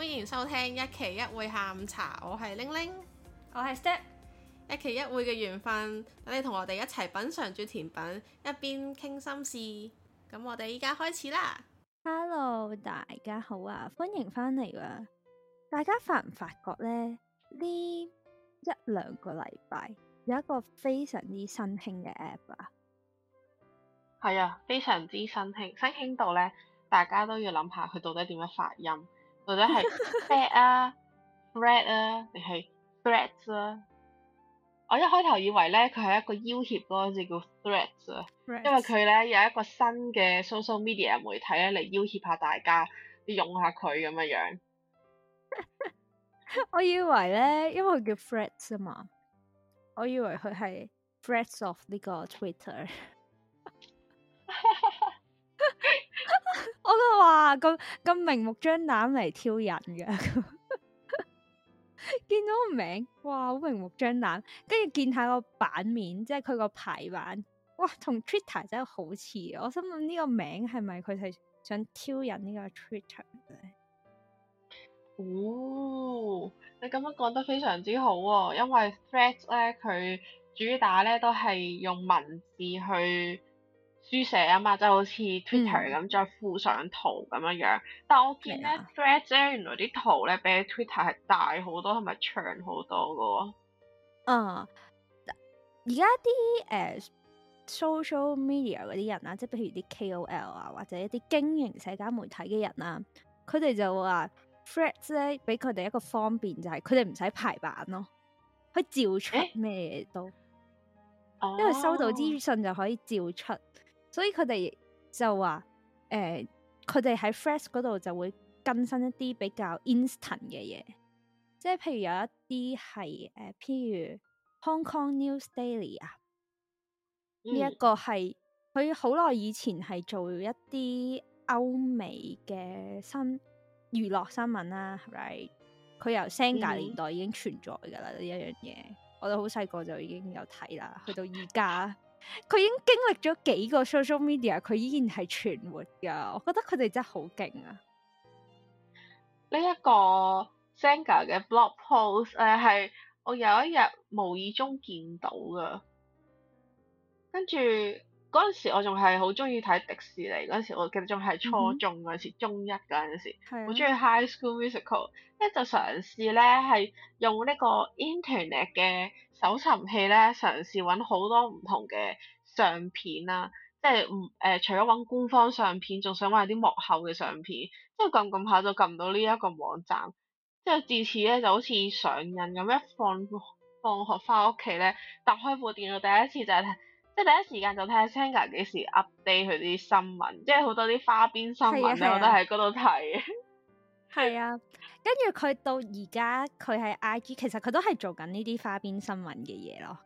歡迎收聽一期一會下午茶，我係玲玲，我係 Step，一期一會嘅緣分，等你同我哋一齊品嘗住甜品，一邊傾心事。咁我哋依家開始啦。Hello，大家好啊，歡迎翻嚟啊！大家發唔發覺呢？呢一兩個禮拜有一個非常之新興嘅 app 啊，係啊，非常之新興，新興到呢，大家都要諗下佢到底點樣發音。或者係 thread 啊，thread 啊，定係 threats 啊？我一開頭以為咧，佢係一個要挾嗰個字叫 threats 啊，因為佢咧有一個新嘅 social media 媒體咧嚟要挾下大家，用下佢咁樣樣。我以為咧，因為叫 threats 啊嘛，我以為佢係 threats of 呢個 Twitter。我都話咁咁明目張膽嚟挑釁嘅， 見到個名，哇，好明目張膽，跟住見下個版面，即係佢個排版，哇，同 Twitter 真係好似，我心諗呢個名係咪佢係想挑釁呢個 Twitter 咧？哦，你咁樣講得非常之好啊、哦，因為 Threads 咧，佢主打咧都係用文字去。書寫啊嘛，就好似 Twitter 咁，再、嗯、附上圖咁樣樣。但我見咧 Threads 咧，原來啲圖咧比 Twitter 係大好多，多，同埋長好多噶。嗯，而家啲誒 social media 嗰啲人啊，即係譬如啲 KOL 啊，或者一啲經營社交媒體嘅人啊，佢哋就話 Threads 咧俾佢哋一個方便，就係佢哋唔使排版咯，可以照出咩都，欸 oh. 因為收到資訊就可以照出。所以佢哋就話誒，佢、呃、哋喺 Fresh 嗰度就會更新一啲比較 instant 嘅嘢，即係譬如有一啲係誒，譬如 Hong Kong News Daily 啊，呢一、嗯、個係佢好耐以前係做一啲歐美嘅新娛樂新聞啦，係、right? 佢由 Sanger 年代已經存在噶啦呢一樣嘢，我哋好細個就已經有睇啦，去到而家。 佢已經經歷咗幾個 social media，佢依然係存活噶。我覺得佢哋真係好勁啊！呢一個 Sanger 嘅 blog post，誒、呃、係我有一日無意中見到噶，跟住。嗰陣時我仲係好中意睇迪士尼，嗰陣時我記得仲係初中嗰陣時，嗯、中一嗰陣時，好中意 High School Musical，即就嘗試咧，係用呢個 internet 嘅搜尋器咧，嘗試揾好多唔同嘅相片啊，即係唔誒除咗揾官方相片，仲想揾啲幕後嘅相片，即係撳撳下就撳到呢一個網站，即係自此咧就好似上癮咁，一放放學翻屋企咧，打開部電腦第一次就係。即係第一時間就睇下 Sanger 幾時 update 佢啲新聞，即係好多啲花邊新聞咧，啊、我都喺嗰度睇。係啊，跟住佢到而家佢喺 I G，其實佢都係做緊呢啲花邊新聞嘅嘢咯，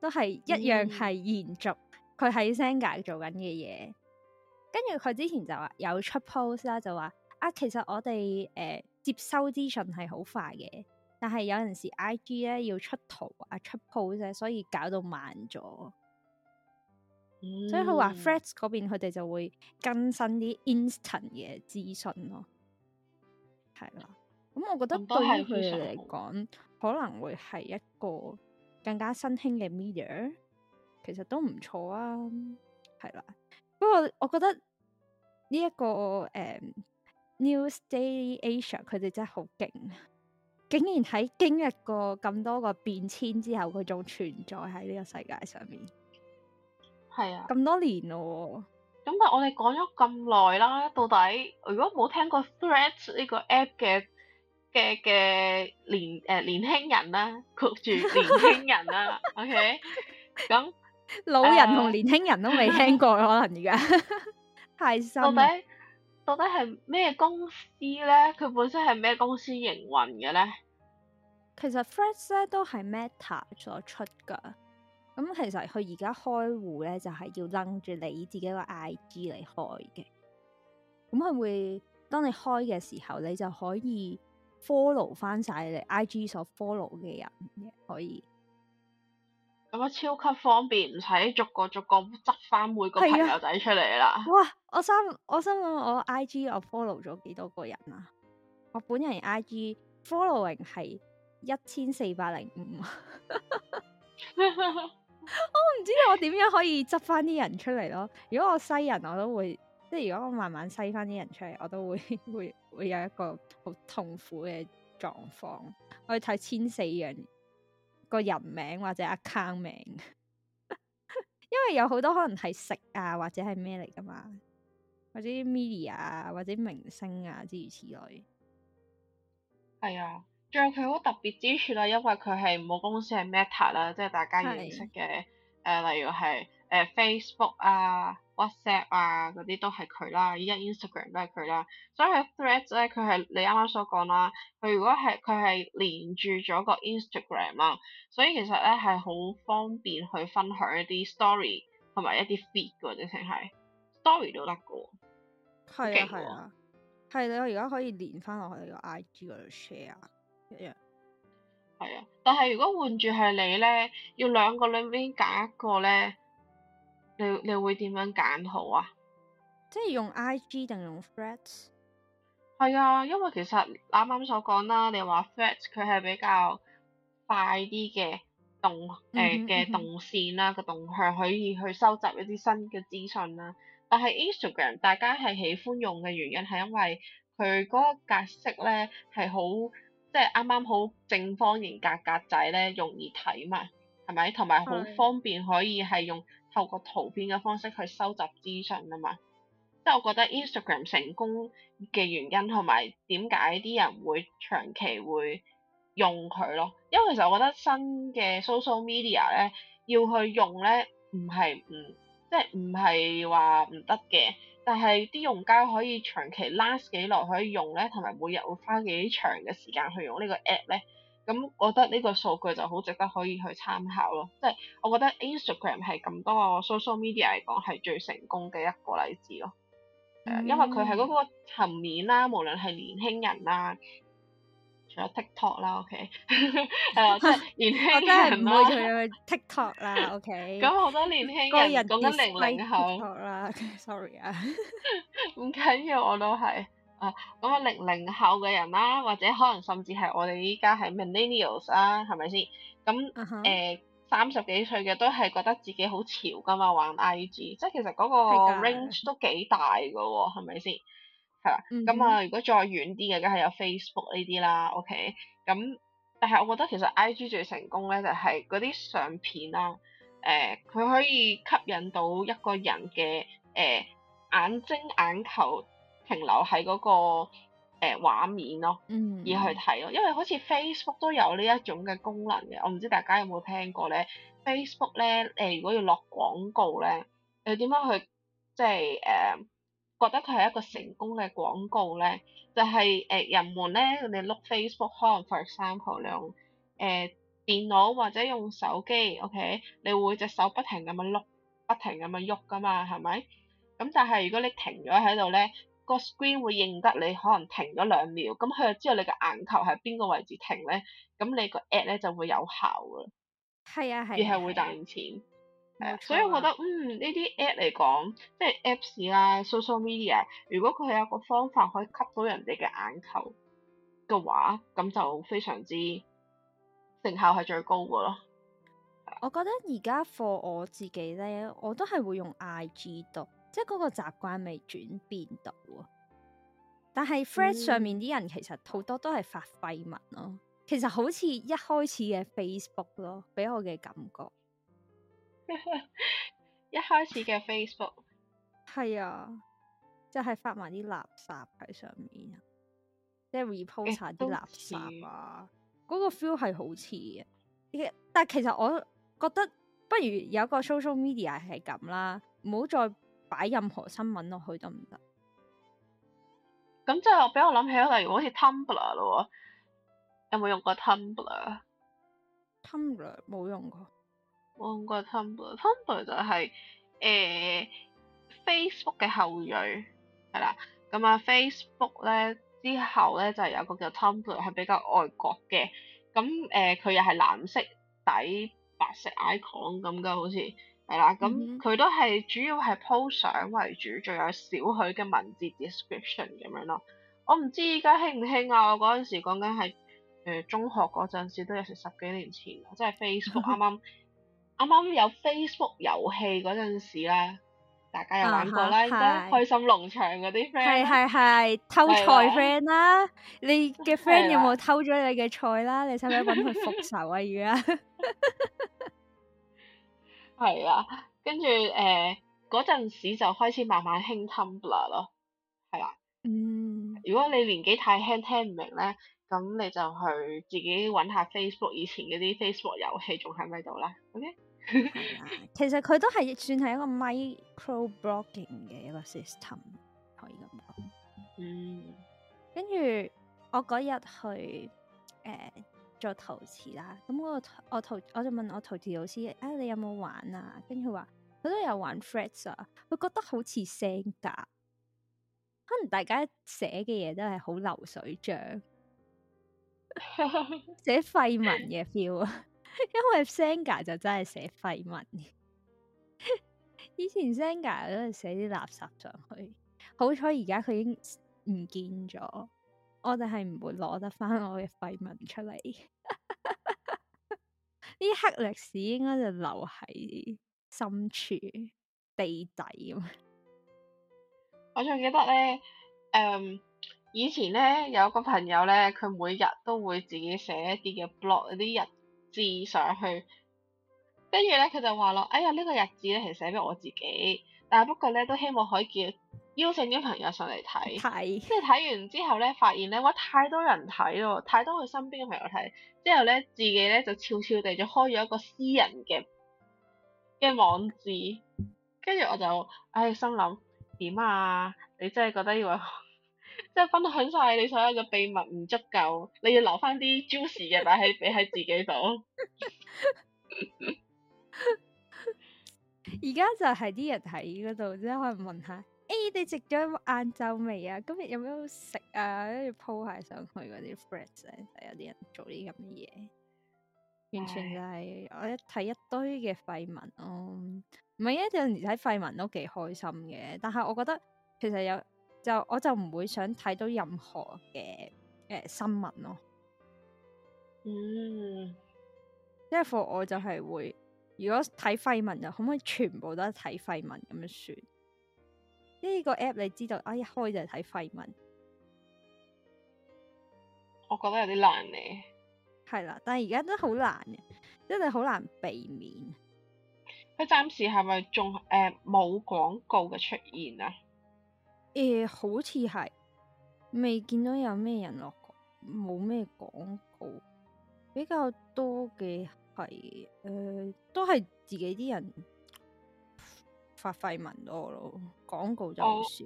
都係一樣係延續佢喺 Sanger 做緊嘅嘢。跟住佢之前就話有出 post 啦，就話啊，其實我哋誒、呃、接收資訊係好快嘅，但係有陣時 I G 咧要出圖啊出 post，啫，所以搞到慢咗。所以佢話 Threads 嗰邊佢哋就會更新啲 instant 嘅資訊咯，係啦。咁、嗯、我覺得對於佢哋嚟講，嗯、可能會係一個更加新興嘅 media，其實都唔錯啊。係啦，不過我覺得呢、這、一個誒、嗯、Newspaper Asia 佢哋真係好勁，竟然喺經歷過咁多個變遷之後，佢仲存在喺呢個世界上面。係啊，咁多年咯喎，咁但係我哋講咗咁耐啦，到底如果冇聽過 Threads 呢個 app 嘅嘅嘅年誒、呃、年輕人啦，焗住年輕人啦，OK，咁老人同年輕人都未聽過， 可能而家 太深了。到底到底係咩公司咧？佢本身係咩公司營運嘅咧？其實 Threads 咧都係 Meta 所出噶。咁其實佢而家開戶咧，就係、是、要掹住你自己個 I G 嚟開嘅。咁佢會當你開嘅時候，你就可以 follow 翻晒你 I G 所 follow 嘅人嘅，可以。咁啊，超級方便，唔使逐個逐個執翻每個朋友仔出嚟啦。哇！我心我心諗我 I G 我 follow 咗幾多個人啊？我本人 I G following 係一千四百零五。 我唔、 哦、知道我點樣可以執翻啲人出嚟咯。如果我篩人，我都會即係如果我慢慢篩翻啲人出嚟，我都會會會有一個好痛苦嘅狀況。我要睇千四樣個人名或者 account 名， 因為有好多可能係食啊或者係咩嚟㗎嘛，或者 media、啊、或者明星啊諸如此類。係啊。仲有佢好特別之處啦，因為佢係冇公司係 Meta 啦，即係大家認識嘅誒是、呃，例如係誒、呃、Facebook 啊、WhatsApp 啊嗰啲都係佢啦，依家 Instagram 都係佢啦，所以佢 Threads 咧佢係你啱啱所講啦，佢如果係佢係連住咗個 Instagram 啊，所以其實咧係好方便去分享一啲 story 同埋一啲 feed 嘅，直情係 story 都得嘅，係啊係啊，係你而家可以連返落去你個 IG 嗰度 share。一係啊，但係如果換住係你咧，要兩個裏面揀一個咧，你你會點樣揀好啊？即係用 IG 定用 Threads？係啊，因為其實啱啱所講啦，你話 Threads 佢係比較快啲嘅動誒嘅、mm hmm. 呃、動線啦，個動向可以去收集一啲新嘅資訊啦。但係 Instagram 大家係喜歡用嘅原因係因為佢嗰個格式咧係好。即係啱啱好正方形格格仔咧，容易睇嘛，係咪？同埋好方便可以係用透過圖片嘅方式去收集資訊啊嘛。即係我覺得 Instagram 成功嘅原因同埋點解啲人會長期會用佢咯，因為其實我覺得新嘅 social media 咧，要去用咧，唔係唔。不即係唔係話唔得嘅，但係啲用家可以長期 last 幾耐可以用咧，同埋每日會花幾長嘅時間去用呢個 app 咧。咁我覺得呢個數據就好值得可以去參考咯。即係我覺得 Instagram 係咁多個 social media 嚟講係最成功嘅一個例子咯。誒、mm，hmm。因為佢係嗰個層面啦、啊，無論係年輕人啦、啊。除咗 TikTok 啦，OK，即我真係唔會再去 TikTok 啦，OK。咁好多年輕人，講緊零零後啦，sorry 啊，唔緊要，我都係。啊，咁啊零零後嘅人啦，或者可能甚至係我哋依家係 millennials 啦、啊，係咪先？咁誒三十幾歲嘅都係覺得自己好潮噶嘛，玩 IG，即係其實嗰個 range 的都幾大噶喎、哦，係咪先？係啦，咁啊、嗯嗯，如果再遠啲嘅，梗係有 Facebook 呢啲啦，OK。咁，但係我覺得其實 IG 最成功咧，就係嗰啲相片啦、啊。誒、呃，佢可以吸引到一個人嘅誒、呃、眼睛眼球停留喺嗰、那個誒、呃、畫面咯，而、嗯嗯、去睇咯、啊。因為好似 Facebook 都有呢一種嘅功能嘅，我唔知大家有冇聽過咧。Facebook 咧，誒、呃，如果要落廣告咧，你點樣去即係誒？呃覺得佢係一個成功嘅廣告咧，就係、是、誒、呃、人們咧，你碌 Facebook 可能 for example 你誒、呃、用電腦或者用手機，OK，你會隻手不停咁樣碌，不停咁樣喐噶嘛，係咪？咁但係如果你停咗喺度咧，個 screen 會認得你可能停咗兩秒，咁佢就知道你嘅眼球喺邊個位置停咧，咁你個 App 咧就會有效噶，亦係、啊啊、會賺錢。嗯、所以我覺得嗎嗯呢啲 app 嚟講、啊，即係 apps 啦，social media，如果佢係有個方法可以吸到人哋嘅眼球嘅話，咁就非常之成效係最高嘅咯。我覺得而家 for 我自己咧，我都係會用 IG 多，即係嗰個習慣未轉變到。但係 Threads 上面啲人、嗯、其實好多都係發廢文咯，其實好似一開始嘅 Facebook 咯，俾我嘅感覺。一開始嘅 Facebook 係啊，即係發埋啲垃圾喺上面，即係 repost 晒啲垃圾啊，嗰個 feel 係好似嘅。但係其實我覺得不如有個 social media 係咁啦，唔好再擺任何新聞落去得唔得？咁即係我俾我諗起，例如好似 Tumblr 咯，有冇用過 Tumblr？Tumblr 冇用過。我覺得 Tumblr，Tumblr 就係、是、誒、呃、Facebook 嘅後裔，係啦。咁啊 Facebook 咧之後咧就有個叫 Tumblr 係比較外國嘅，咁誒佢又係藍色底白色 icon 咁嘅，好似係啦。咁佢、嗯嗯嗯、都係主要係 po 相為主，仲有少許嘅文字 description 咁樣咯。我唔知依家興唔興啊？我嗰陣時講緊係誒中學嗰陣時，都有成十幾年前，即係 Facebook 啱啱。 啱啱有 Facebook 遊戲嗰陣時咧，大家有玩過啦，開心農場嗰啲 friend，係係係偷菜 friend 啦，的你嘅 friend 有冇偷咗你嘅菜啦？的你使唔使搵佢復仇啊？而家係啊。跟住誒嗰陣時就開始慢慢興 Tumblr 咯，係啦，嗯，如果你年紀太輕聽唔明咧，咁你就去自己搵下 Facebook 以前嗰啲 Facebook 遊戲仲喺咪度啦，OK。 其實佢都係算係一個 microblogging 嘅一個 system，可以咁講。嗯，跟住我嗰日去誒、呃、做陶瓷啦，咁我我陶我就問我陶瓷老師，啊、哎、你有冇玩啊？跟住佢話佢都有玩 Threads 啊，佢覺得好似聲格，可能大家寫嘅嘢都係好流水賬，寫廢 文嘅 feel 啊。 因為 Senga 就真係寫廢文， 以前 Senga 都係寫啲垃圾上去，好彩而家佢已經唔見咗，我哋係唔會攞得翻我嘅廢文出嚟，呢 一黑歷史應該就留喺深處地底啊！我仲記得咧，誒、嗯，以前咧有個朋友咧，佢每日都會自己寫一啲嘅 blog，啲人，字上去，跟住咧佢就話咯：哎呀呢個日子咧，其實寫俾我自己，但係不過咧都希望可以叫邀請啲朋友上嚟睇，係，即係睇完之後咧，發現咧哇，太多人睇咯，太多佢身邊嘅朋友睇，之後咧自己咧就悄悄地就開咗一個私人嘅嘅網址，跟住我就唉、哎、心諗點啊？你真係覺得要？即係分享晒你所有嘅秘密，唔足夠，你要留返啲 juice 嘅擺喺俾喺自己度。而家就係啲人喺嗰度，即係可能問下：誒、欸，你食咗晏晝未啊？今日有冇食啊？跟住 po 上去嗰啲 friends，就有啲人做啲咁嘅嘢。完全就係、是、唉我一睇一堆嘅廢文咯，唔係一有陣時睇廢文都幾開心嘅，但係我覺得其實有。就我就唔會想睇到任何嘅誒新聞咯，嗯，因為我我就係會，如果睇廢文就可唔可以全部都係睇廢文咁樣算？呢個 app 你知道，哎、啊、一開就係睇廢文，我覺得有啲難咧。係啦，但係而家都好難嘅，真係好難避免。佢暫時係咪仲誒冇廣告嘅出現啊？誒、欸，好似係未見到有咩人落過，冇咩廣告，比較多嘅係誒，都係自己啲人發廢文多咯，廣告就好少。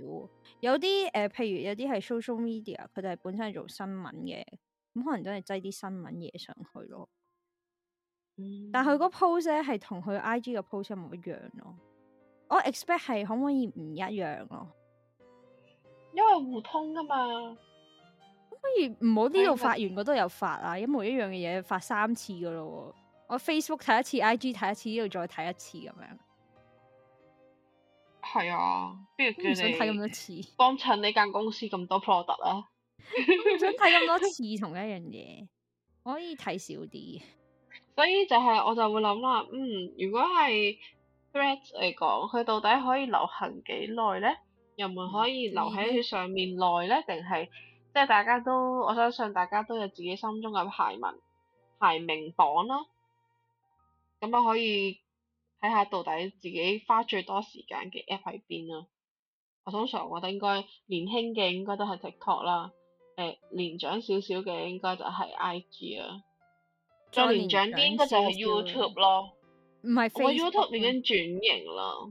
有啲誒、呃，譬如有啲係 social media，佢哋係本身係做新聞嘅，咁、嗯、可能都係擠啲新聞嘢上去咯。但佢個 post 咧係同佢 IG 個 post 冇一樣咯、啊，我 expect 係可唔可以唔一樣咯、啊？因為互通噶嘛，不如唔好呢度發完有發，我都又發啊，一模一樣嘅嘢發三次噶咯。我 Facebook 睇一次，IG 睇一次，呢度再睇一次咁樣。係啊，不如叫唔想睇咁多次，幫襯呢間公司咁多 product 啊。咧 唔想睇咁多次同一樣嘢， 我可以睇少啲。所以就係我就會諗啦，嗯，如果係 Threads 嚟講，佢到底可以流行幾耐咧？人們可以留喺佢上面耐咧？定係即係大家都，我相信大家都有自己心中嘅排名排名榜咯。咁啊，可以睇下到底自己花最多時間嘅 app 喺邊啊？我通常我覺得應該年輕嘅應該都係 tiktok 啦，誒、欸、年長少少嘅應該就係 ig 啊。再年長啲應該就係 youtube 咯。唔係 My face 我 youtube 已經轉型啦。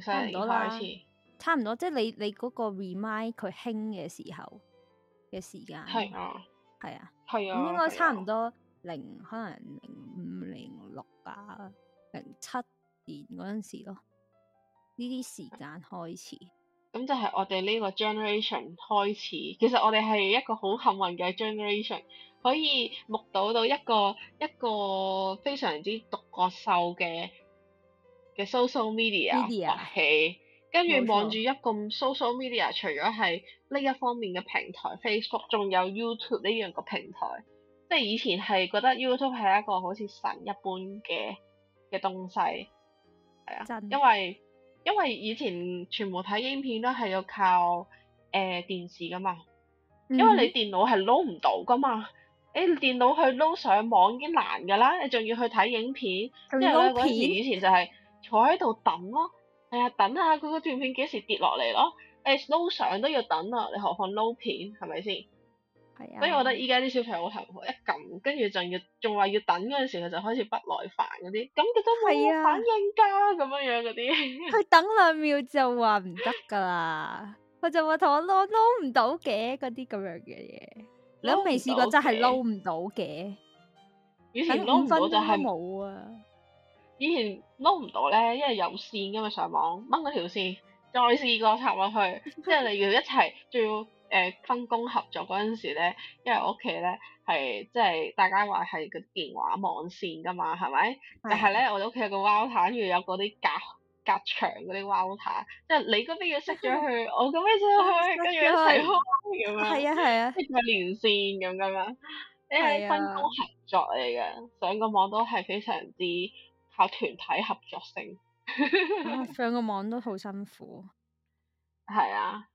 差唔多啦，差唔多，即係你你嗰個 remind 佢興嘅時候嘅時間係啊，係啊，應該差唔多零可能零五、零六啊、零七年嗰陣時咯，呢啲時間開始，咁就係、係啊啊、我哋呢個 generation 開始。其實我哋係一個好幸運嘅 generation，可以目睹到一個一個非常之獨角獸嘅。嘅 social media，係跟住望住一個 social media，錯除咗係呢一方面嘅平台 Facebook，仲有 YouTube 呢樣嘅平台。即係以前係覺得 YouTube 係一個好似神一般嘅嘅東西，係啊，的因為因為以前全部睇影片都係要靠誒、呃、電視噶嘛，嗯、因為你電腦係 load 唔到噶嘛，誒、欸、電腦去 load 上網已經難噶啦，你仲要去睇影片，即係嗰時以前就係、是。嗯坐喺度等咯，係、哎、啊，等下佢、那個段片幾時跌落嚟咯？誒、欸，撈上都要等啊，你何況撈片，係咪先？係啊。所以我覺得依家啲小朋友好幸福，一撳，跟住就要仲話要等嗰陣時候，佢就開始不耐煩嗰啲，咁佢都冇反應噶，咁、啊、樣樣嗰啲。佢等兩秒就話唔得噶啦，佢 就話同我撈撈唔到嘅嗰啲咁樣嘅嘢，你都未試過真係撈唔到嘅。以前撈唔到就係冇啊。以前撈唔到咧，因為有線㗎嘛上網掹嗰條線，再試過插落去，即係你要一齊，仲要誒分工合作嗰陣時咧，因為我屋企咧係即係大家話係嗰啲電話網線㗎嘛，係咪？啊、但係咧，我哋屋企有個 wall 壘，要有嗰啲隔隔牆嗰啲 wall 壘，即係 你嗰邊要熄咗去， 我嗰邊塞去，跟住一齊開咁樣，係啊係啊，即係連線咁咁樣，即係分工合作嚟嘅，上個網，上上個網上都係非常之。靠團體合作性， 啊、上個網都好辛苦。係 啊，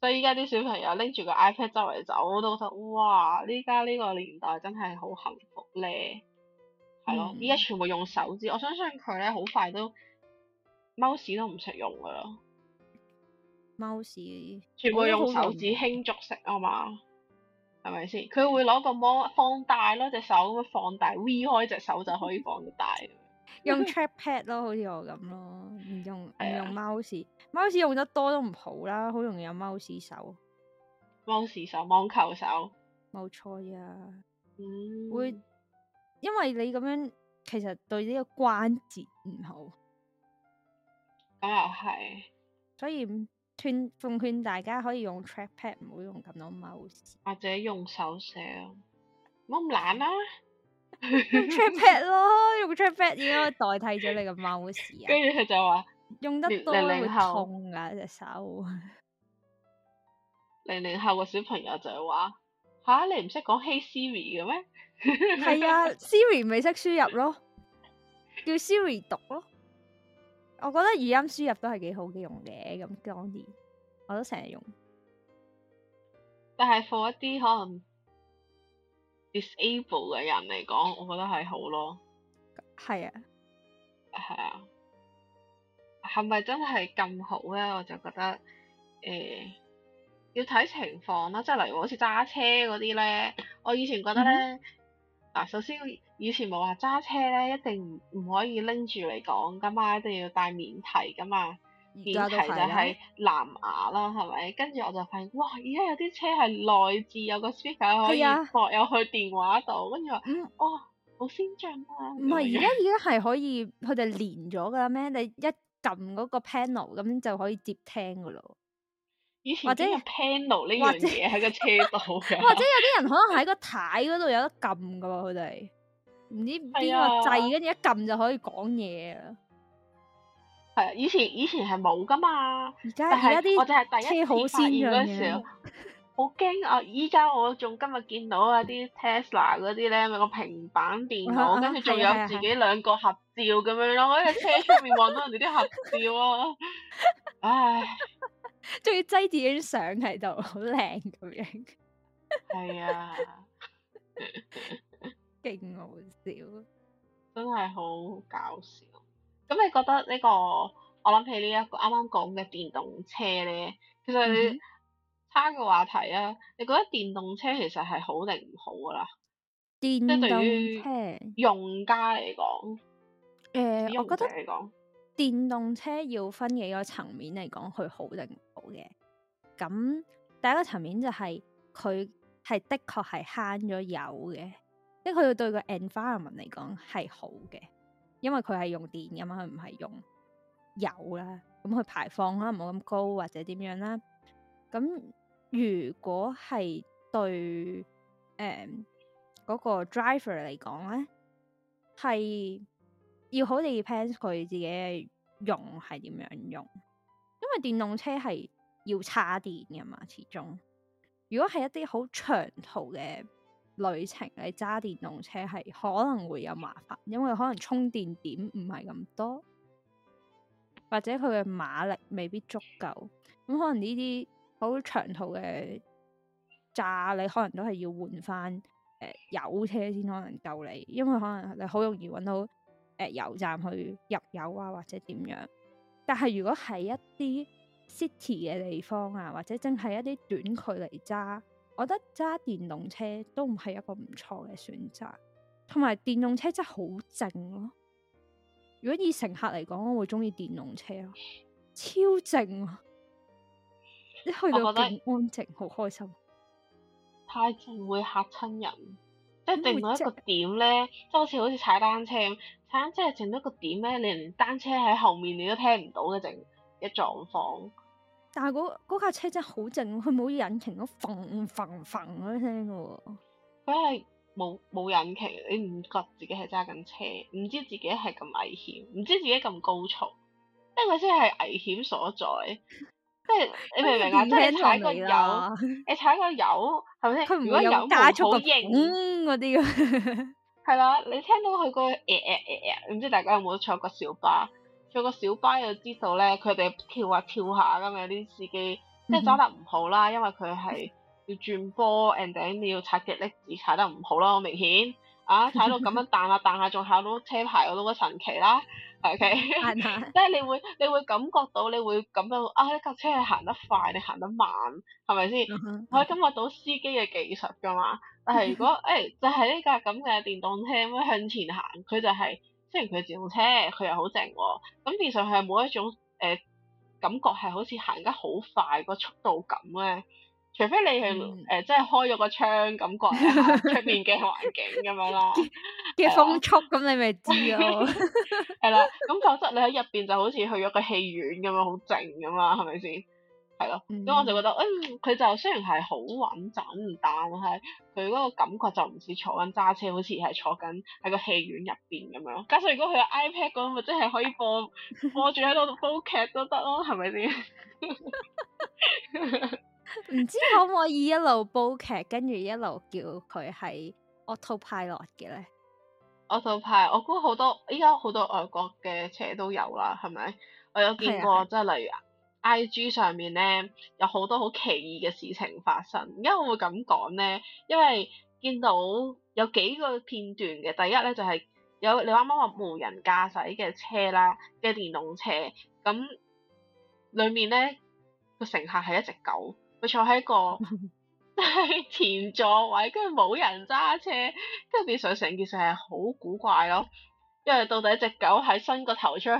所以依家啲小朋友拎住個 iPad 周圍走，都覺得哇！依家呢個年代真係好幸福咧。係咯，依家、嗯、全部用手指，我相信佢咧好快都踎屎都唔識用噶咯。踎屎。全部用手指輕觸式啊嘛，係咪先？佢、嗯、 會攞個魔放大咯，隻手咁放大，V 開隻手就可以放大。用 trackpad 咯，好似我咁咯，唔用唔用貓屎，貓屎、哎呀，貓屎用得多都唔好啦，好容易有貓屎手，貓屎手、網球手，冇錯呀，嗯、會，因為你咁樣其實對呢個關節唔好，咁又係，所以勸奉勸大家可以用 trackpad，唔好用咁多 Mouse，或者用手寫，唔好咁懶啦。 用觸 pad 咯，用觸 pad 已經代替咗你個 mouse 啊。跟住佢就話用得多會痛啊，隻手。零零後嘅 小朋友就係話：吓、啊，你唔識講 Hey Siri 嘅咩？係 啊，Siri 未識輸入咯，叫 Siri 讀咯。我覺得語音輸入都係幾好嘅用嘅，咁多年我都成日用，但係 for 一啲可能。Disable 嘅人嚟講，我覺得係好咯，係啊，係啊，係咪真係咁好咧？我就覺得，誒、欸，要睇情況啦。即係例如好似揸車嗰啲咧，我以前覺得咧，嗱、嗯哼啊，首先以前冇話揸車咧，一定唔可以拎住嚟講噶嘛，一定要帶免提噶嘛。電提就係藍牙啦，係咪、嗯？跟住吧我就發現，哇！而家有啲車係內置有個 speaker、啊、可以播入去電話度，跟住話，嗯，哇，好先進啊！唔係，而家已經係可以佢哋連咗噶啦咩？你一撳嗰個 panel 咁就可以接聽噶咯。以前或者有 panel 呢樣嘢喺個車度嘅。或者有啲人可能喺個台嗰度有得撳噶喎，佢哋唔知邊個掣，跟住、啊、一撳就可以講嘢啊！係，以前以前係冇噶嘛，在但係我哋係第一次發現嗰陣時候，驚好驚啊！依家我仲今日見到啊啲 Tesla 嗰啲咧，咪個平板電腦，跟住仲有自己兩個合照咁樣咯，喺個、啊啊啊啊啊、車出面搵到人哋啲合照啊！ 唉，仲要擠住影相喺度，好靚咁樣，係啊的，勁 好笑，真係好搞笑。咁你覺得呢、這個，我諗起呢一個啱啱講嘅電動車咧，其實你差個、嗯、話題啊，你覺得電動車其實係好定唔好噶啦？電動車用家嚟講，誒、呃，我覺得，電動車要分幾個層面嚟講，佢好定唔好嘅。咁第一個層面就係佢係的確係慳咗油嘅，因為佢要對個 environment 嚟講係好嘅。因為佢係用電嘅嘛，佢唔係用油啦，咁佢排放啦冇咁高或者點樣啦。咁如果係對誒嗰、呃嗰個 driver 嚟講咧，係要好哋 plan 佢自己用係點樣用，因為電動車係要插電嘅嘛，始終。如果係一啲好長途嘅。旅程你揸電動車係可能會有麻煩，因為可能充電點唔係咁多，或者佢嘅馬力未必足夠。咁、嗯、可能呢啲好長途嘅揸，你可能都係要換翻誒、呃、油車先可能夠你，因為可能你好容易揾到誒、呃、油站去入油啊，或者點樣。但係如果係一啲 city 嘅地方啊，或者淨係一啲短距離揸。我覺得揸電動車都唔係一個唔錯嘅選擇，同埋電動車真係好靜咯。如果以乘客嚟講，我會中意電動車啊，超靜啊，一去到靜，安靜，好開心。太靜會吓親人，即係靜到一個點咧，即係好似好似踩單車，踩單車係靜到一個點咧，你連單車喺後面你都聽唔到嘅靜一狀況。但係嗰架車真係好靜，佢冇引擎嗰縫縫縫嗰聲嘅。佢係冇冇引擎，乏乏乏乏引擎，你唔覺自己係揸緊車，唔知自己係咁危險，唔知自己咁高嘈，因為佢真係危險所在。即係你明唔明啊？即係踩個油，你踩個油係咪佢唔果有足個拱嗰啲嘅，係啦些。 你聽到佢、個誒誒誒誒，唔知大家有冇坐過小巴？做個小巴就知道咧，佢哋跳下、啊、跳下咁樣啲司機，即係走得唔好啦，因為佢係要轉波、嗯、哼 and then，你要踩腳力，而踩得唔好啦，好明顯啊，踩到咁樣彈下、啊、彈下、啊，仲踩 到車牌，我覺得神奇啦。O、okay? K， 嗯、哼即係你會你會感覺到你會感覺到啊，呢架車係行得快你行得慢，係咪先？可以感覺到司機嘅技術㗎嘛。但係如果誒、 哎、就係呢架咁嘅電動車咁樣向前行，佢就係、是。雖然佢係自動車，佢又好靜喎，咁其實係冇一種誒、呃、感覺係好似行得好快、嗰個速度感咧，除非你係誒、嗯呃、即係開咗個窗，感覺出 面嘅環境咁樣啦嘅風速，咁你咪知咯、啊，係 啦， 咁否則你喺入邊就好似去咗個戲院咁樣好靜咁啊，係咪先？係咯，咁、嗯、我就覺得，嗯、哎，佢就雖然係好穩陣，但係佢嗰個感覺就唔似坐緊揸車，好似係坐緊喺個戲院入邊咁樣。加上如果佢有 iPad 咁咪即係、就是、可以播 播住喺度煲劇都得咯、啊，係咪先？唔 知可唔可以一路煲劇，跟住一路叫佢喺 aut《 Autopilot 嘅咧？Autopilot，我估好多依家好多外國嘅車都有啦，係咪？我有見過，即係的例如啊。I G 上面咧，有好多好奇異嘅事情發生，點解我會咁講咧？因為見到有幾個片段嘅，第一咧就係、是、有你啱啱話無人駕駛嘅車啦，嘅電動車，咁裏面咧個乘客係一隻狗，佢坐喺個即 係前座位，跟住冇人揸車，跟住變相成件事係好古怪咯，因為到底一隻狗喺伸個頭出去。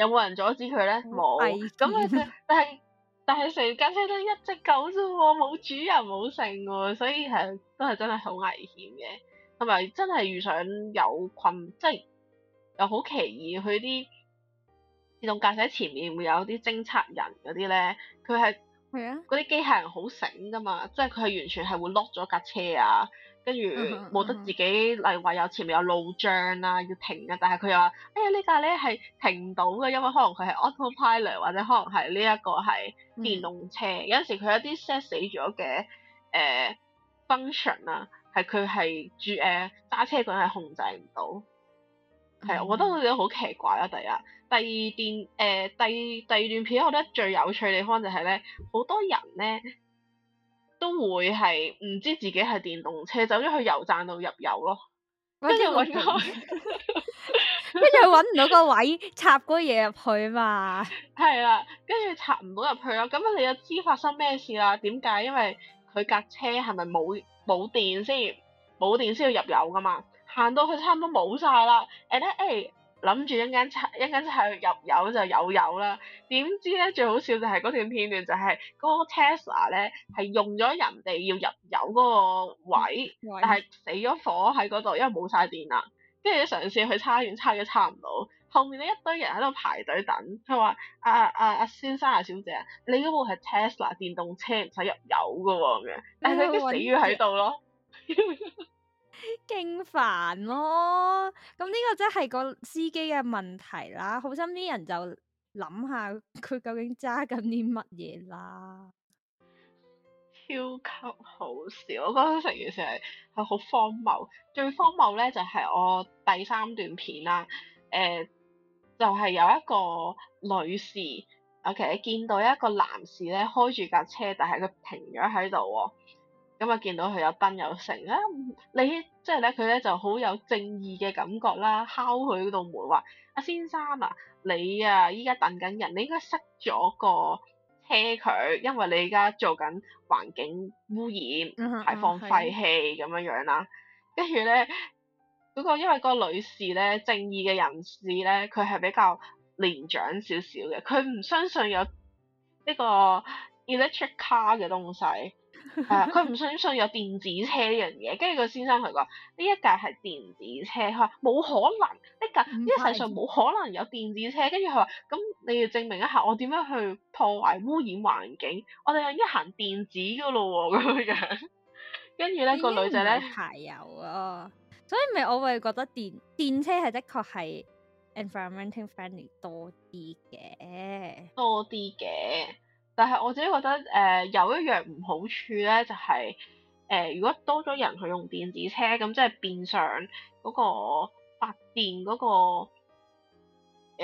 有冇人阻止佢咧？冇咁啊！但係但係成架車得一隻狗啫，冇主人冇剩，所以係都係真係好危險嘅。同埋真係遇上有困，即係又好奇異，佢啲自動駕駛前面會有啲偵察人嗰啲咧，佢係係啊嗰啲機械人好醒㗎嘛，即係佢係完全係會 lock 咗架車啊！跟住冇得自己，嗯、哼例如話有前面有路障啦、啊，要停嘅、啊。但係佢又話：哎呀呢架咧係停唔到嘅，因為可能佢係 autopilot，或者可能係呢一個係電動車。嗯、哼有陣時佢有啲 set 死咗嘅誒 function 啊，係佢係住誒揸、呃、車嗰人係控制唔到。係啊、嗯哼，我覺得佢哋好奇怪啦、啊。第二、呃、第二段誒第第二段片，我覺得最有趣嘅地方就係咧，好多人咧。都會係唔知自己係電動車，走咗去油站度入油咯，跟住搵到，跟住佢搵唔到個位插嗰嘢入去嘛，係啦， 跟住插唔到入去咯，咁啊你又知發生咩事啦？點解？因為佢架車係咪冇冇電先？冇電先要入油噶嘛？行到去差唔多冇晒啦，誒咧誒。諗住一間車一間車入油就有油啦，點知咧，最好笑就係嗰段片段就係嗰個 Tesla 咧係用咗人哋要入油嗰個位， 但係死咗火喺嗰度，因為冇晒電啦，跟住嘗試去叉電，叉咗叉唔到，後面呢一堆人喺度排隊等，佢話：阿阿阿先生啊，小姐，你嗰部係 Tesla 電動車唔使入油嘅喎， 但係你都死咗喺度咯。 勁煩咯，咁呢個真係個司機嘅問題啦。好心啲人就諗下佢究竟揸緊啲乜嘢啦。超級好笑，我覺得成件事係係好荒謬。最荒謬咧就係我第三段片啦。誒、呃，就係、是、有一個女士，其實，okay，見到一個男士咧開住架車，但係佢停咗喺度喎。咁啊，見到佢有燈有成，啊你即係咧，佢咧就好有正義嘅感覺啦，敲佢嗰道門話，阿、啊、先生啊，你啊依家等緊人，你應該熄咗個車佢，因為你而家做緊環境污染，嗯嗯嗯、排放廢氣咁樣樣，啊、啦。跟住咧，嗰個因為嗰個女士咧，正義嘅人士咧，佢係比較年長少少嘅，佢唔相信有呢個 electric car 嘅東西。係 啊，佢唔相信有電子車呢樣嘢，跟住個先生佢講呢一架係電子車，佢話冇可能，呢架呢世上冇可能有電子車，跟住佢話咁你要證明一下我點樣去破壞污染環境，我哋又一行電子噶咯喎咁樣，跟住咧個女仔咧排油啊。所以咪我會覺得電電車係的確係 environmental friendly 多啲嘅，多啲嘅。但係我自己覺得誒、呃、有一樣唔好處咧，就係、是、誒、呃、如果多咗人去用電子車，咁即係變相嗰個發電嗰、那個、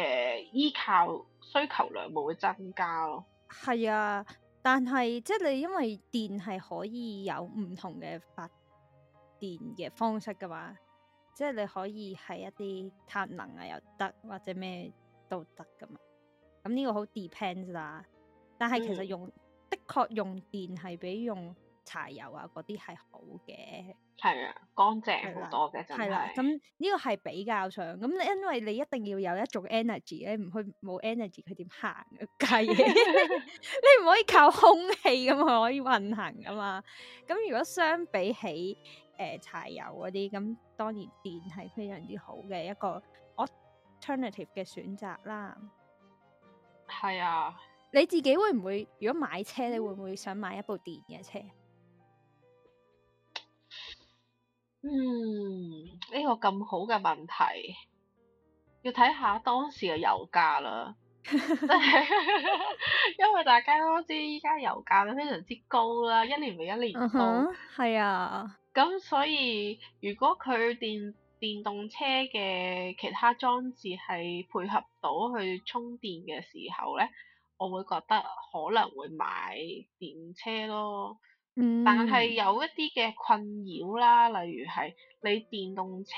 呃、依靠需求量會唔會增加咯？係啊，但係即係你因為電係可以有唔同嘅發電嘅方式噶嘛，即係你可以係一啲碳能啊又得，或者咩都得噶嘛。咁呢個好 depends 啦。但係其實用、嗯、的確用電係比用柴油啊嗰啲係好嘅，係啊，乾淨好多嘅，係啦、啊。咁呢、啊、個係比較上咁，因為你一定要有一種 energy 咧，唔去冇 energy 佢點行嘅？計你唔可以靠空氣咁去可以運行㗎嘛？咁如果相比起誒、呃、柴油嗰啲，咁當然電係非常之好嘅一個 alternative 嘅選擇啦。係啊。你自己會唔會？如果買車，你會唔會想買一部電嘅車？嗯，呢、這個咁好嘅問題，要睇下當時嘅油價啦。 因為大家都知依家油價都非常之高啦，一年咪一年高。係、uh-huh, 啊，咁所以如果佢電電動車嘅其他裝置係配合到去充電嘅時候咧。我會覺得可能會買電車咯，嗯、但係有一啲嘅困擾啦，例如係你電動車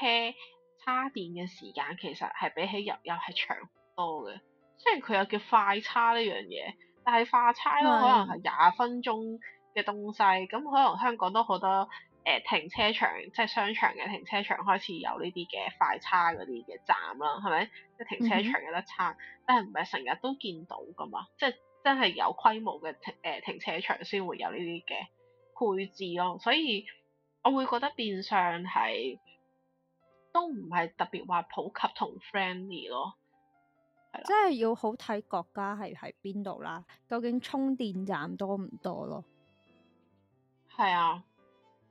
叉電嘅時間其實係比起入又係長好多嘅，雖然佢又叫快叉呢樣嘢，但係快叉咯、啊，是可能係廿分鐘嘅東西，咁可能香港都好多。誒、呃、停車場即係商場嘅停車場開始有呢啲嘅快叉嗰啲嘅站啦，係咪？即係、嗯、哼停車場有得叉，但係唔係成日都見到㗎嘛？即係真係有規模嘅停誒、呃、停車場先會有呢啲嘅配置咯，所以我會覺得變相係都唔係特別話普及同 friendly 咯，係即係要好睇國家係喺邊度啦，究竟充電站多唔多咯？係啊、嗯。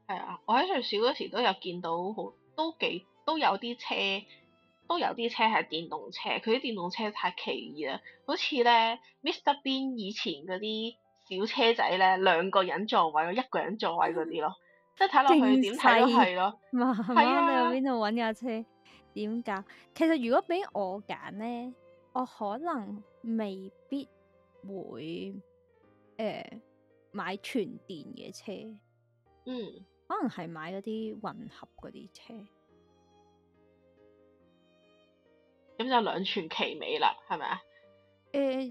係啊，我喺最小嗰時都有見到，好都幾都有啲車，都有啲車係電動車。佢啲電動車太奇異啦，好似咧 Mr. Bean 以前嗰啲小車仔咧，兩個人座位，一個人座位嗰啲咯。即係睇落去點睇是都係咯。媽媽，你去邊度搵架車？點、啊、搞？其實如果俾我揀咧，我可能未必會誒、呃、買全電嘅車。嗯。可能係買嗰啲混合嗰啲車，咁就兩全其美啦，係咪啊？誒、欸，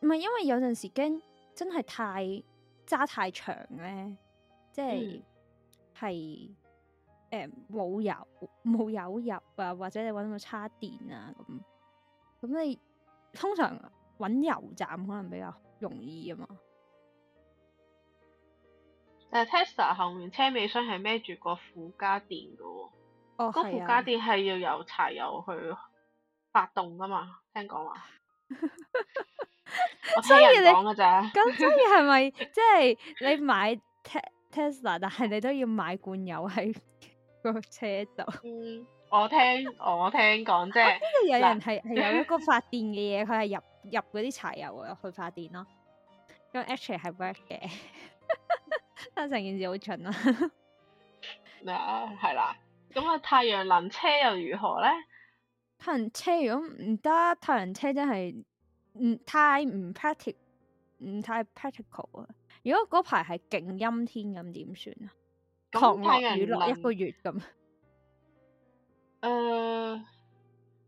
唔係因為有陣時驚真係太揸太長咧，即係係誒冇油冇油入啊，或者你搵個叉電啊咁，咁你通常搵油站可能比較容易啊嘛。但 Tesla 後面車尾箱係孭住個副家電噶喎，嗰副，哦、家電係要有柴油去發動噶嘛？聽講話，所以你咁所以係咪即係你買 Tesla 但係你都要買罐油喺個車度， 嗯？我聽我聽講即係，呢度有人係係 有一個發電嘅嘢，佢係入入嗰啲柴油入去發電咯，咁 actually 係 work 嘅。 但成件事好蠢啊！咩 啊？係啦，咁啊，太陽能車又如何咧？太陽能車如果唔得，太陽能車真係唔太唔 practical，唔太 practical 啊！如果嗰排係勁陰天咁，點算啊？狂、嗯、雨落一個月咁。誒、呃、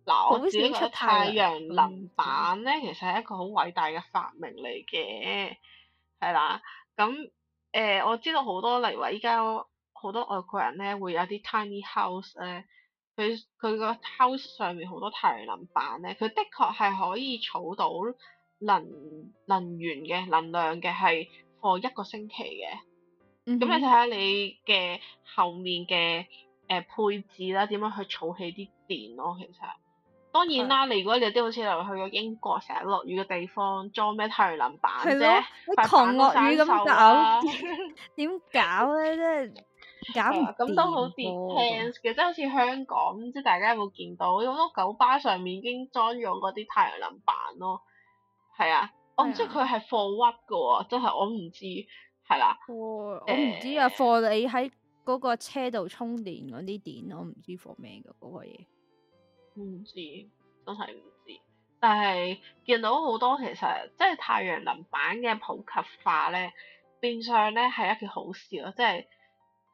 嗱，好少出太陽能板咧，其實係一個好偉大嘅發明嚟嘅，係、嗯嗯、啦，咁、嗯。嗯誒、呃、我知道好多例如話依家好多外國人咧會有啲 tiny house 咧，佢佢個 house 上面好多太陽能板咧，佢的確係可以儲到能能源嘅能量嘅，係放一個星期嘅。咁、嗯、哼你睇下你嘅後面嘅誒、呃、配置啦，點樣去儲起啲電咯，其實。當然啦，你的如果你啲好似例如去個英國，成日落雨嘅地方裝咩太陽能板啫，的啊、狂落雨咁搞、啊，點 搞咧真係搞唔掂。咁、啊、都 好 depend 嘅，即係好似香港，即係大家有冇見到好多酒吧上面已經裝咗嗰啲太陽能板咯？係啊，我唔知佢係放屈嘅喎，真係我唔知係啦。我唔知啊，放你喺嗰個車度充電嗰啲電，我唔知放咩嘅嗰個嘢。唔知，真係唔知。但係見到好多其實即係太陽能板嘅普及化咧，變相咧係一件好事咯，即係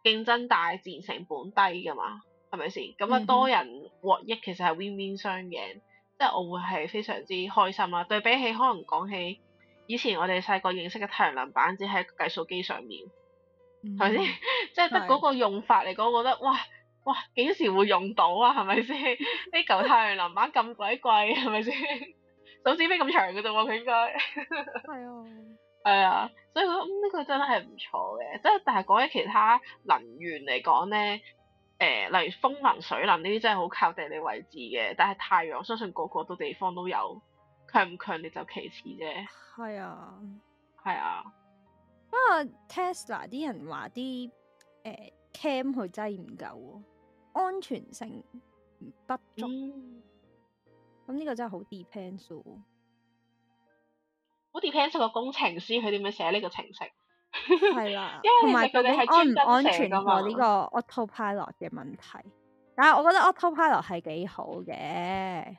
競爭大，自然成本低噶嘛，係咪先？咁啊多人獲益，其實係 win win 雙贏，嗯、哼即係我會係非常之開心啦。對比起可能講起以前我哋細個認識嘅太陽能板，只喺計數機上面，係咪先？即係得嗰個用法嚟講，我覺得哇～哇，幾時會用到啊？係咪先？啲 舊太陽能板咁鬼貴，係咪先？ 手指飛咁長噶啫喎，佢應該係 啊，啊，所以我諗呢個真係唔錯嘅。即係，但係講起其他能源嚟講咧，誒、呃，例如風能、水能呢啲真係好靠地理位置嘅。但係太陽，相信個個都地方都有，強唔強烈就其次啫。係啊，係啊。啊呃、不過 Tesla 啲人話啲誒 Cam 佢擠唔夠。安全性不足，咁呢、嗯嗯這個真係好 depends，哦。好 depends 個工程師佢點樣寫呢個程式，係 啦因為 有。同埋佢哋係安唔安全、啊、呢個 Autopilot 嘅問題。但係我覺得 Autopilot 係幾好嘅。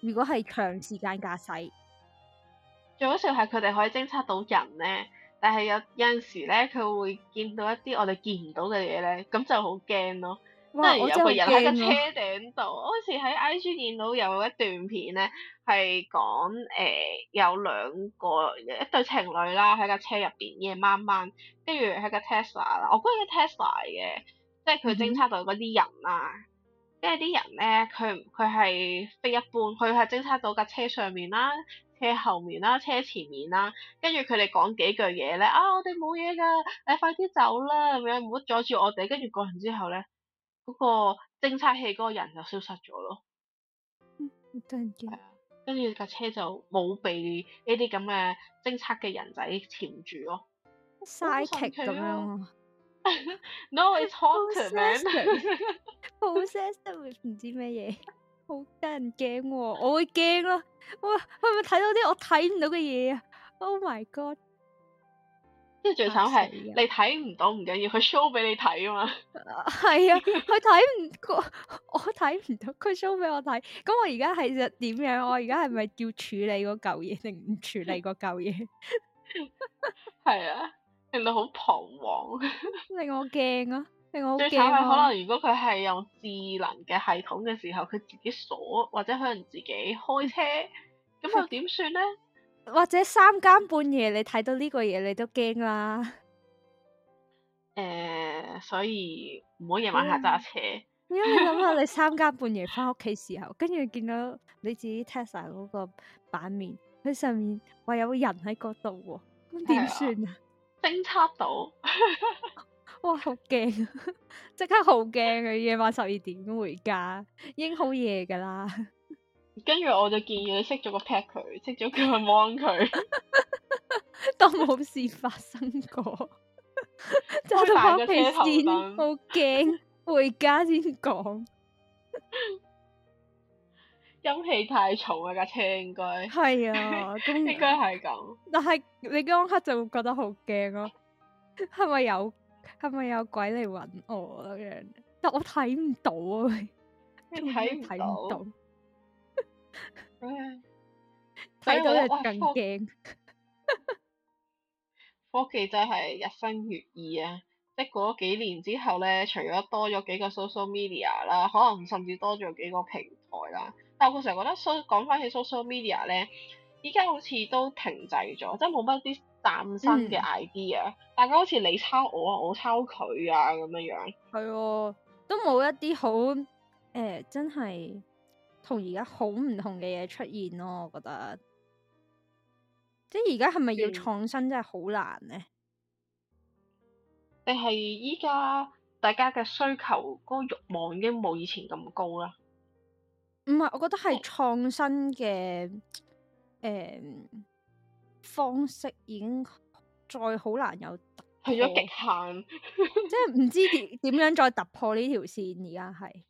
如果係長時間駕駛，最好笑係佢哋可以偵測到人咧。但係有有陣時咧，佢會見到一啲我哋見唔到嘅嘢咧，咁就好驚咯。我即係有個人喺個車頂度，我好似喺 I G 見到有一段片咧，係講誒有兩個一對情侶啦，喺架車入邊夜晚晚，跟住喺個 Tesla 啦，我估個 Tesla 嘅，即係佢偵測到嗰啲人啦、啊，即係啲人咧，佢佢係非一般，佢係偵測到架車上面啦。車後面啦、啊，車前面啦、啊，跟住佢哋講幾句嘢咧，啊，我哋冇嘢噶，你快啲走啦，咁樣唔好阻住我哋。跟住過完之後咧，嗰、那個偵察器嗰個人就消失咗咯。跟住架車就冇被呢啲咁嘅偵察嘅人仔纏住咯。嘥劇咁樣。 No，it's haunted man。Possessed with 唔知咩嘢。好得人驚喎，我會驚咯、啊，哇，係咪睇到啲我睇唔到嘅嘢啊？Oh my god！即係、哦、最慘係了你睇唔到，唔緊要，佢 show 俾你睇啊嘛。係啊，佢睇唔， 我睇唔到，佢 show 俾我睇。咁我而家係實點樣？ 我而家係咪要處理嗰舊嘢，定唔處理嗰舊嘢？係 啊，令到好彷徨。 令我驚啊！最慘係可能如果佢係用智能嘅系統嘅時候，佢 自己鎖或者可能自己開車，咁 又點算咧？或者三更半夜你睇到呢個嘢，你都驚啦。誒、呃，所以唔好夜晚黑揸車。如果你諗下你三更半夜翻屋企時候，跟住 見到你自己 Tesla 嗰個版面，佢上面話有人喺嗰度喎，咁點算啊？偵測到。 哇，好驚，啊！即刻好驚佢夜晚十二點咁回家，已經好夜噶啦。跟住我就建議你熄咗個劈佢，熄咗佢去幫佢，當冇 事發生過。 開大個車頭燈，好驚！回家先講， 陰氣太重啊，架車應該係 啊，應該係咁。但係你嗰刻就會覺得好驚咯，係咪有？係咪有鬼嚟揾我咁樣？但我睇唔到啊，睇唔到，你睇唔睇唔到？睇到就更驚。科技真係日新月異啊！即係過咗幾年之後咧，除咗多咗幾個 social media 啦，可能甚至多咗幾個平台啦。但我成日覺得，so 講翻起 social media 咧，依家好似都停滯咗，即係冇乜啲。擔心嘅 idea，大家好似你抄我，我抄佢啊咁樣樣，係、哦，都冇一啲好誒，真係同而家好唔同嘅嘢出現咯。我覺得，即係而家係咪要創新真係好難呢？定係依家大家嘅需求嗰個欲望已經冇以前咁高啦？唔係，我覺得係創新嘅誒。呃方式已經再好難有突破，去咗極限， 即係唔知點點樣，樣再突破呢條線。而家係，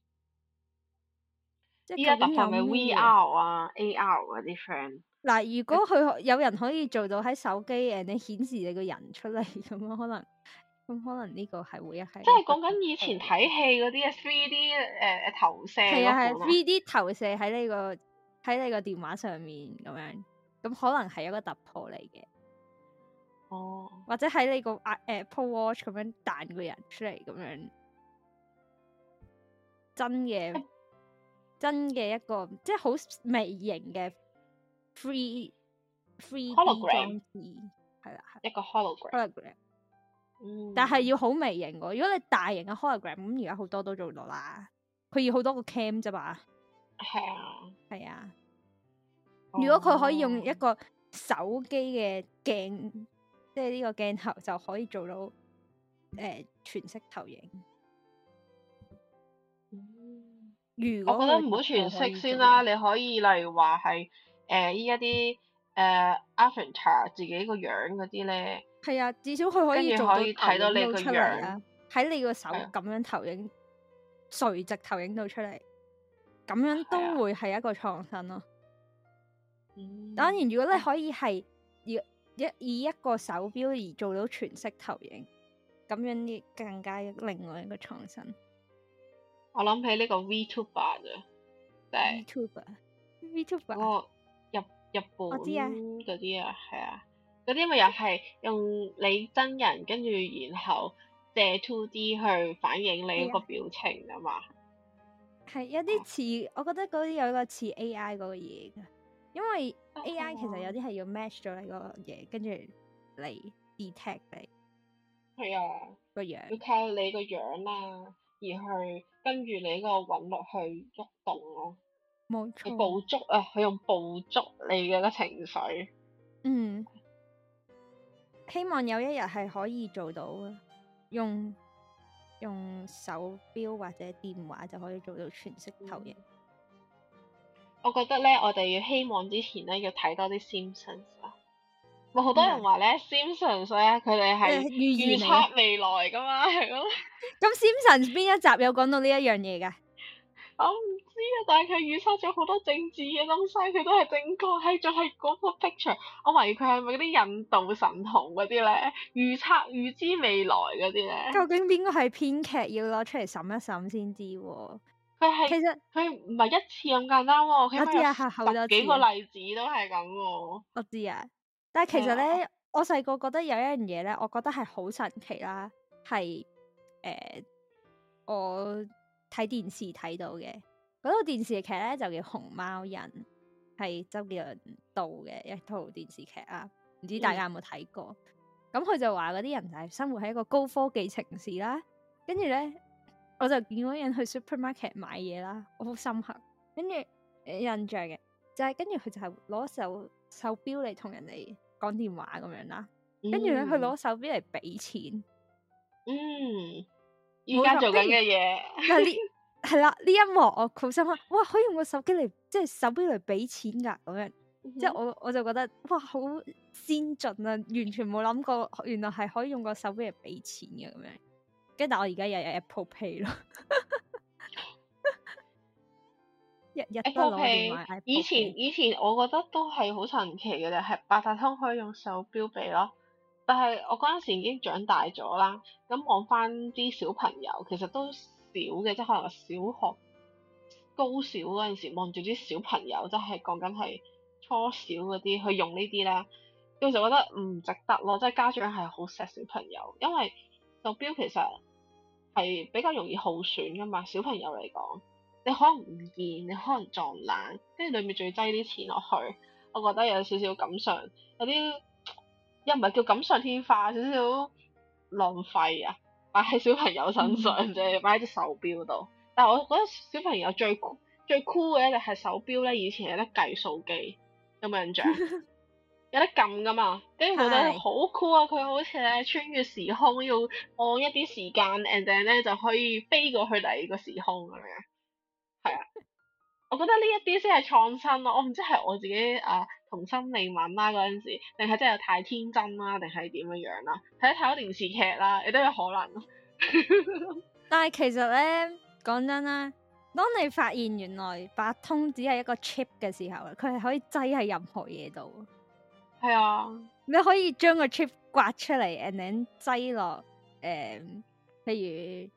而家突破嘅 VR 啊 AR 嗰啲 friend。嗱，如果佢有人可以做到喺手機誒，你顯示你個人出嚟咁樣，可能咁可能呢個係會一係。即係講緊以前睇戲嗰啲 three D 誒、呃、誒投射，係啊，係 three D 投射喺你個喺你個電話上面咁樣。咁可能係一個突破嚟嘅，哦，oh. 或者喺你個 Apple Watch 咁樣彈個人出嚟，咁樣真嘅真嘅一個即係好微型嘅 Free Free hologram 係啦，一個 hologram，但係要好微型嘅。如果你大型嘅 hologram 咁，而家好多都做到啦。佢要好多個 cam 啫嘛，係啊 Yeah.，係啊。如果佢可以用一個手機嘅鏡，oh. 即係呢個鏡頭就可以做到誒、呃、全息投影。如果我覺得唔好全息先啦，可你可以例如話係誒依家啲誒 Avatar 自己個樣嗰啲咧，係啊，至少佢可以仲可以睇到你個樣，喺你個手咁樣投影垂、啊、直投影到出嚟，咁樣都會係一個創新咯、啊。嗯、當然，如果你可以係一以，以一個手錶而做到全息投影，咁樣亦更加另外一個創新。我諗起呢個 VTuber 吧啫，即係 VTuber，VTuber，日本嗰啲啊，係啊，嗰啲咪又係用你真人，跟住然後借 two D 去反映你個表情啊嘛，係有啲似，啊、我覺得嗰啲有一個似 AI 嗰個嘢噶。因為 A.I. 其實有啲係要 match 咗你個嘢，oh, oh. 跟住嚟 detect 你。係 Yeah. 子啊，個樣要靠你個樣啦，而去跟住你個韻律去喐動咯。冇錯。捕捉啊，佢用捕捉你嘅個情緒。嗯，希望有一日係可以做到嘅，用用手錶或者電話就可以做到全息投影。嗯我覺得咧，我哋要希望之前咧要睇多啲《Simpsons》嗯啊！好多人話咧，《Simpsons》咧佢哋係預測未來噶嘛，係咪？咁《Simpsons》 邊一集有講到呢一樣嘢嘅？ 我唔知啊，但係佢預測咗好多政治嘅東西，佢都係整確整個。係仲係嗰幅 picture，我懷疑佢係咪嗰啲印度神童嗰啲咧預測預知未來嗰啲咧？究竟邊個係編劇要攞出嚟審一審先知喎？佢係其實佢唔係一次咁簡單喎，我知啊，後後就有幾個例子都係咁喎。我知啊，但係其實咧，嗯、我細個覺得有一樣嘢咧，我覺得係好神奇啦，係誒、呃、我睇電視睇到嘅，嗰套電視劇咧就叫《熊貓人》，係周杰倫導嘅一套電視劇啊，唔知大家有冇睇過？咁佢、嗯、就話嗰啲人就係生活喺一個高科技城市啦，跟住咧。我就見嗰人去 supermarket 買嘢啦，我好深刻，跟住印象嘅就係跟住佢就係攞手手錶嚟同人哋講電話咁樣啦，跟住咧佢攞手錶嚟俾錢。嗯，而家、就是嗯嗯、做緊嘅嘢。係啦，呢、欸、 一幕我好深刻。哇，可以用個手機嚟即係手錶嚟俾錢㗎，咁樣。即係、嗯、哼我我就覺得哇，好先進啊！完全冇諗過，原來係可以用個手錶嚟俾錢嘅咁樣。跟住，但我而家又有 Apple Pay 咯 App，日日都攞嚟買。以前以前，我覺得都係好神奇嘅，就係八達通可以用手錶俾咯。但係我嗰陣時已經長大咗啦，咁望翻啲小朋友，其實都少嘅，即係可能小學高小嗰陣時望住啲小朋友，即係講緊係初小嗰啲去用呢啲咧，有時就覺得唔值得咯，即係家長係好錫小朋友，因為。手錶其實係比較容易耗損噶嘛，小朋友嚟講，你可能唔見，你可能撞爛，跟住裏面仲要擠啲錢落去，我覺得有少少感上，有啲又唔係叫錦上添花，少少浪費啊，擺喺小朋友身上啫，擺喺、嗯、隻手錶度，但係我覺得小朋友最最 cool 嘅咧，就係手錶咧，以前有得計數機，有冇印象？ 有得撳噶嘛？跟住我哋好酷啊！佢好似咧穿越時空，要按一啲時間 and then 咧就可以飛過去第二個時空咁樣。係啊， 啊，我覺得呢一啲先係創新咯。我唔知係我自己啊童心未泯啦，嗰陣時，定係真係太天真啦、啊，定係點嘅樣啦、啊？睇一睇多電視劇啦、啊，亦都有可能、啊。 但係其實咧，講真啦，當你發現原來八通只係一個 chip 嘅時候，佢係可以擠喺任何嘢度。係啊，你、嗯、可以將個 chip 刮出嚟，and then 擠落誒，譬、嗯、如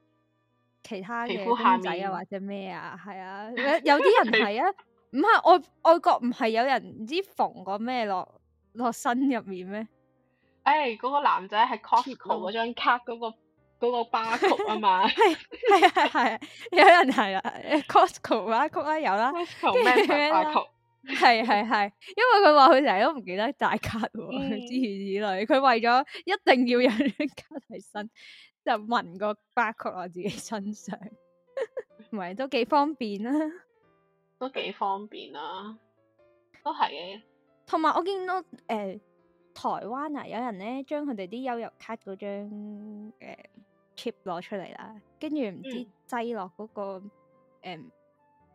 其他皮膚下面啊，或者咩啊，係啊，有啲人係啊，唔係 外外國唔係有人唔知縫過咩落落身入面咩？誒、哎、嗰、那個男仔係 Costco 嗰張卡嗰、那個嗰、那個巴曲啊嘛，係係係，有人係啊，Costco 巴曲啊，有啦 Costco 咩咩巴曲？係係係，因為佢話佢成日都唔記得帶卡，嗯、之如此類，佢為咗一定要有張卡喺身，就紋個 barcode 我自己身上，唔係都幾方便啦，都幾方便啦，都係嘅。同埋我見到誒、呃、台灣啊，有人咧將佢哋啲悠遊卡嗰張誒 chip 攞出嚟啦，跟住唔知擠落嗰個誒、嗯嗯、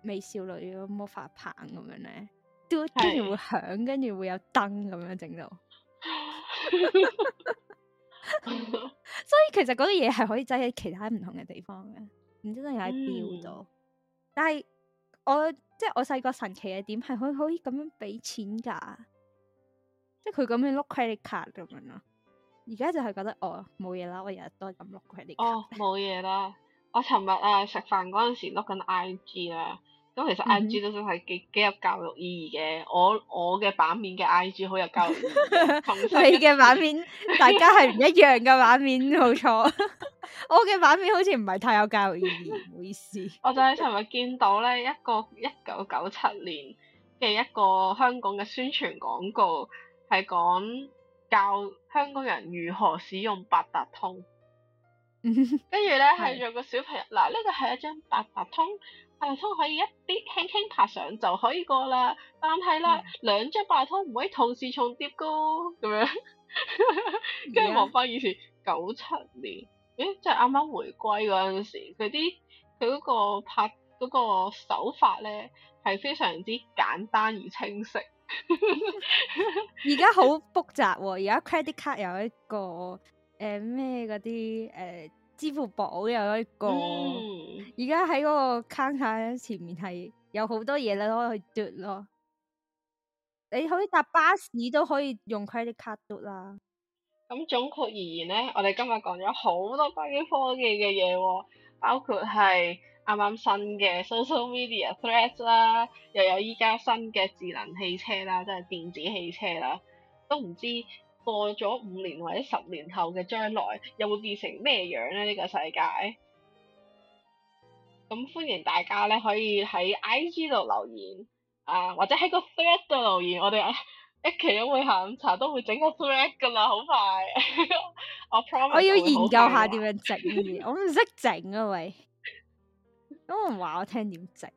美少女魔法棒咁樣咧。都跟住會響，跟住會有燈咁樣整到， 所以其實嗰啲嘢係可以擠喺其他唔同嘅地方嘅，唔知真係喺表度。嗯、但係我即係、就是、我細個神奇嘅點係佢可以咁樣俾錢噶，即係佢咁樣碌 credit card 咁樣咯。而家就係覺得哦，冇嘢啦，我日日都係咁碌 credit card。哦，冇嘢啦。我尋日啊食飯嗰陣時碌緊 I G 啦。咁其實 IG 都算係幾幾有教育意義嘅，我我嘅版面嘅 IG 好有教育意義，意同 你嘅版面 大家係唔一樣嘅版面冇錯，錯 我嘅版面好似唔係太有教育意義，唔好意思。我就喺尋日見到咧一個一九九七年嘅一個香港嘅宣傳廣告，係講教香港人如何使用八達通，跟住咧係用個小朋友嗱呢 是、啊這個係一張八達通。拜託、啊，可以一啲輕輕拍上就可以過啦，但係啦兩張拜託，唔可以同時重疊高咁樣。跟住望翻以前九七年，誒即係啱啱回歸嗰陣時，佢啲佢嗰個拍嗰、嗰個手法咧係非常之簡單而清晰。而家好複雜喎，哦，而家 credit card 有一個誒咩嗰啲誒。呃支付寶又可以而家喺嗰個卡、嗯、前面係有好多嘢你可以去嘟咯。你可以搭巴士都可以用佢啲卡嘟啦。咁、嗯、總括而言咧，我哋今日講咗好多關於科技嘅嘢喎，包括係啱啱新嘅 social media threads 啦，又有依家新嘅智能汽車啦，即係電子汽車啦，都唔知。過咗五年或者十年後嘅將來，又會變成咩樣咧？呢個世界，咁歡迎大家咧，可以喺 I G 度留言啊，或者喺個 thread 度留言。我哋一期一杯下午茶都會整個 thread 噶啦，好快。 我，promise 我要研究下點樣整呢啲嘢， 我唔識整啊，喂。都唔話我聽點整。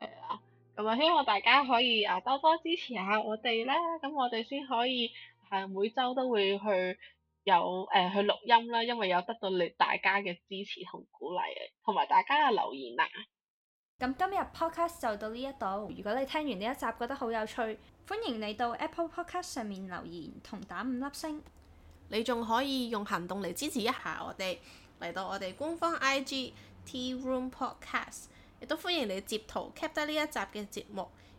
係啊，咁啊，希望大家可以啊多多支持下我哋啦。咁我哋先可以。係，每週都會去有誒、呃、去錄音啦，因為有得到你大家嘅支持同鼓勵，同埋大家嘅留言啊。咁今日 podcast 就到呢一度，如果你聽完呢一集覺得好有趣，歡迎你到 Apple Podcast 上面留言同打五粒星。你仲可以用行動嚟支持一下我哋，嚟到我哋官方 IG Tea Room Podcast，亦都歡迎你接圖截圖 Keep 得呢一集嘅節目，